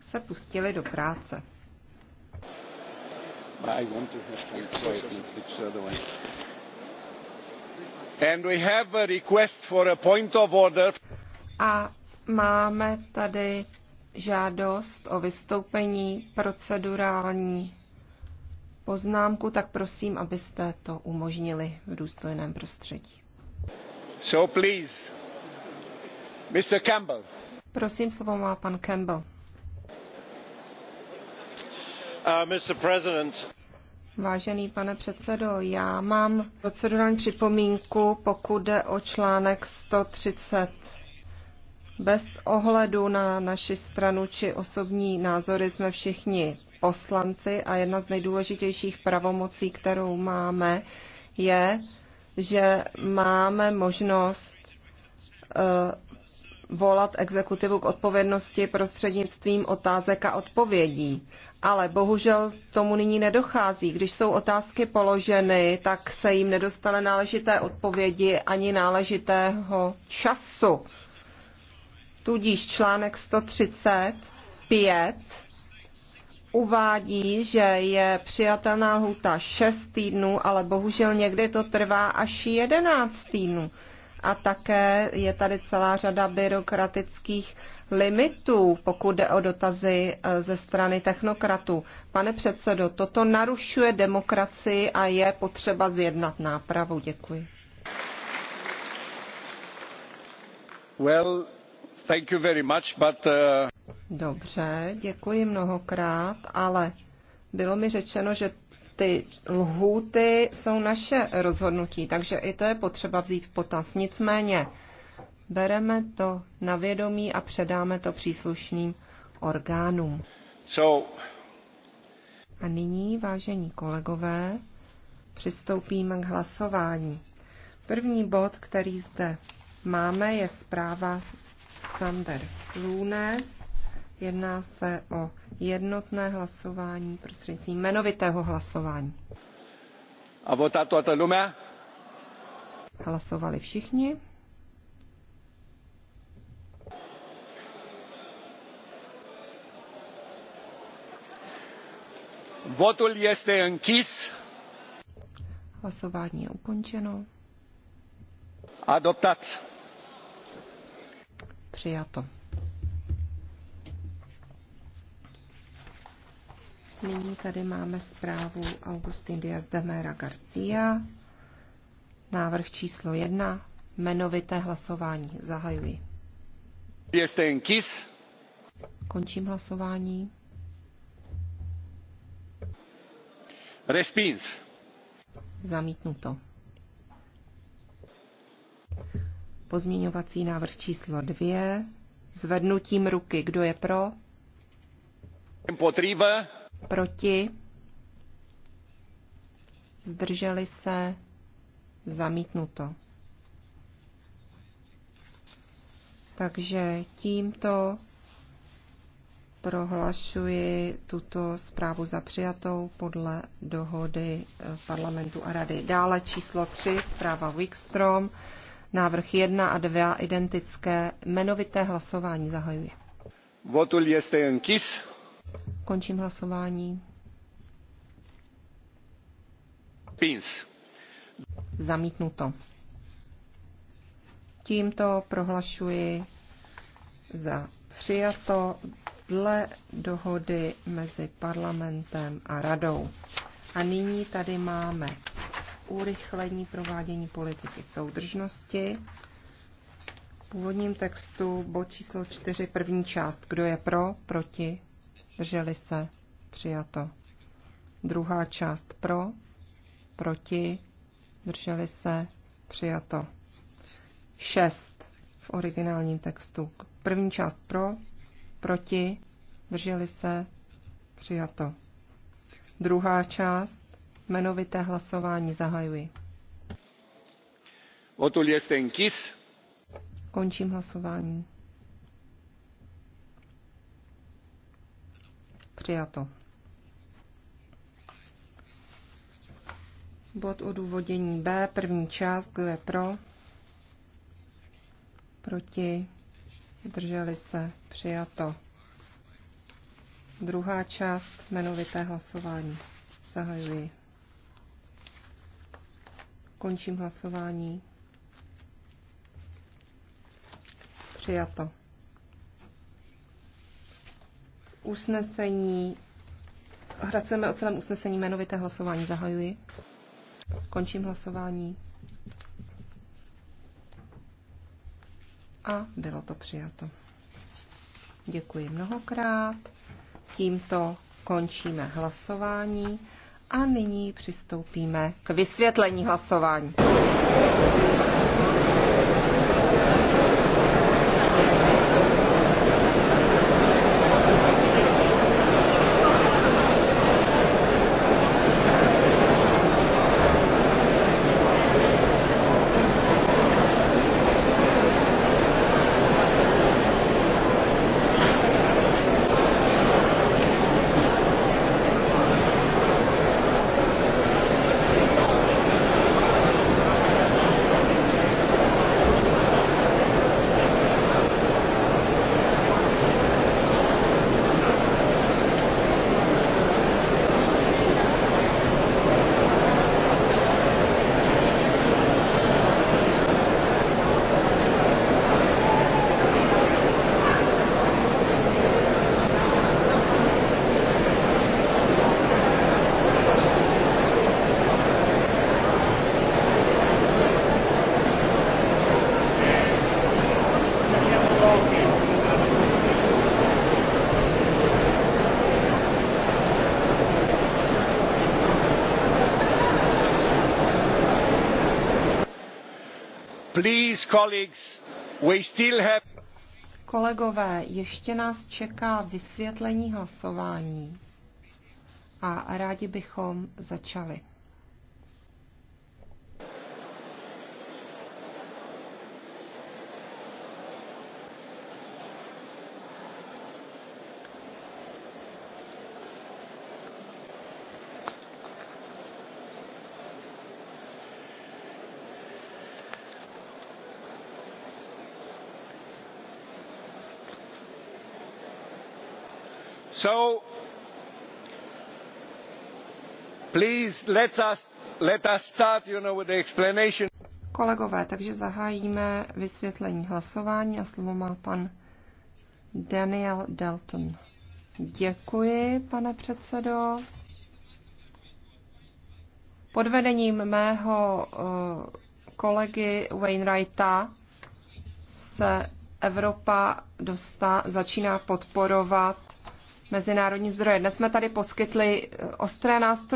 se pustili do práce. A máme tady žádost o vystoupení procedurální poznámku, tak prosím, abyste to umožnili v důstojném prostředí. So please, Mr. Campbell. Prosím, slovo má pan Campbell. Uh, Vážený pane předsedo, já mám procedurální připomínku, pokud jde o článek 130. Bez ohledu na naši stranu či osobní názory jsme všichni poslanci a jedna z nejdůležitějších pravomocí, kterou máme, je, že máme možnost uh, volat exekutivu k odpovědnosti prostřednictvím otázek a odpovědí. Ale bohužel tomu nyní nedochází. Když jsou otázky položeny, tak se jim nedostane náležité odpovědi ani náležitého času. Tudíž článek 135 uvádí, že je přijatelná lhůta 6 týdnů, ale bohužel někdy to trvá až 11 týdnů a také je tady celá řada byrokratických limitů, pokud jde o dotazy e, ze strany technokratů. Pane předsedo, toto narušuje demokracii a je potřeba zjednat nápravu. Děkuji. Well, thank you very much, but, uh... Dobře, děkuji mnohokrát, ale bylo mi řečeno, že ty lhůty jsou naše rozhodnutí, takže i to je potřeba vzít v potaz. Nicméně bereme to na vědomí a předáme to příslušným orgánům. So... A nyní, vážení kolegové, přistoupíme k hlasování. První bod, který zde máme, je zpráva Sander Lunes. Jedná se o jednotné hlasování prostřednictvím jmenovitého hlasování. A votato a lumea? Hlasovali všichni. Votul este închis. Hlasování je ukončeno. Adoptat. Přijato. Nyní tady máme zprávu Augustin Diaz de Mera Garcia. Návrh číslo jedna. Jmenovité hlasování. Zahajuji. Končím hlasování. Respins. Zamítnuto. Pozměňovací návrh číslo dvě. Zvednutím ruky. Kdo je pro? Potrýba. Proti? Zdrželi se? Zamítnuto. Takže tímto prohlašuji tuto zprávu za přijatou podle dohody eh, parlamentu a rady. Dále číslo 3, zpráva Wikstrom, návrh 1 a 2 identické, jmenovité hlasování zahajuje. Votul este închis. Končím hlasování. Pins. Zamítnuto. Tímto prohlašuji za přijato dle dohody mezi parlamentem a radou. A nyní tady máme urychlení provádění politiky soudržnosti. V původním textu bod číslo 4, první část. Kdo je pro, proti, zdrželi se, přijato. Druhá část pro, proti, zdrželi se, přijato. Šest v originálním textu. První část pro, proti, zdrželi se, přijato. Druhá část, jmenovité hlasování zahajuji. Votul este închis. Končím hlasování. Přijato. Bod odůvodění B, první část, kdo je pro, proti, Drželi se, přijato. Druhá část, jmenovité hlasování. Zahajuji. Končím hlasování. Přijato usnesení. Hlasujeme o celém usnesení jmenovité hlasování. Zahajuji. Končím hlasování. A bylo to přijato. Děkuji mnohokrát. Tímto končíme hlasování a nyní přistoupíme k vysvětlení hlasování. Kolegové, ještě nás čeká vysvětlení hlasování a rádi bychom začali. so please let us, let us start you know, with the explanation. Kolegové, takže zahájíme vysvětlení hlasování a slovo má pan Daniel Dalton. Děkuji, pane předsedo. Pod vedením mého eh, kolegy Wainwrighta se Evropa dostá, začíná podporovat mezinárodní zdroje. Dnes jsme tady poskytli eh, ostré nástroje.